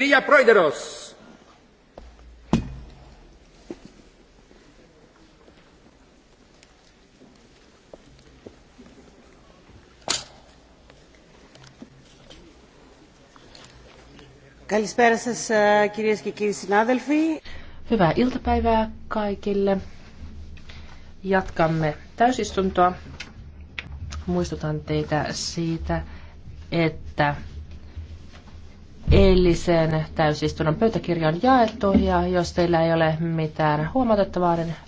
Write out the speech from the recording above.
Κυρία Πρόεδρος. Καλησπέρα σας κυρίες και κύριοι συνάδελφοι. Hyvää iltapäivää kaikille. Jatkamme täysistuntoa. Muistutan teitä siitä, että eilisen täysistunnon pöytäkirjan jaettu ja jos teillä ei ole mitään huomautettavaa, niin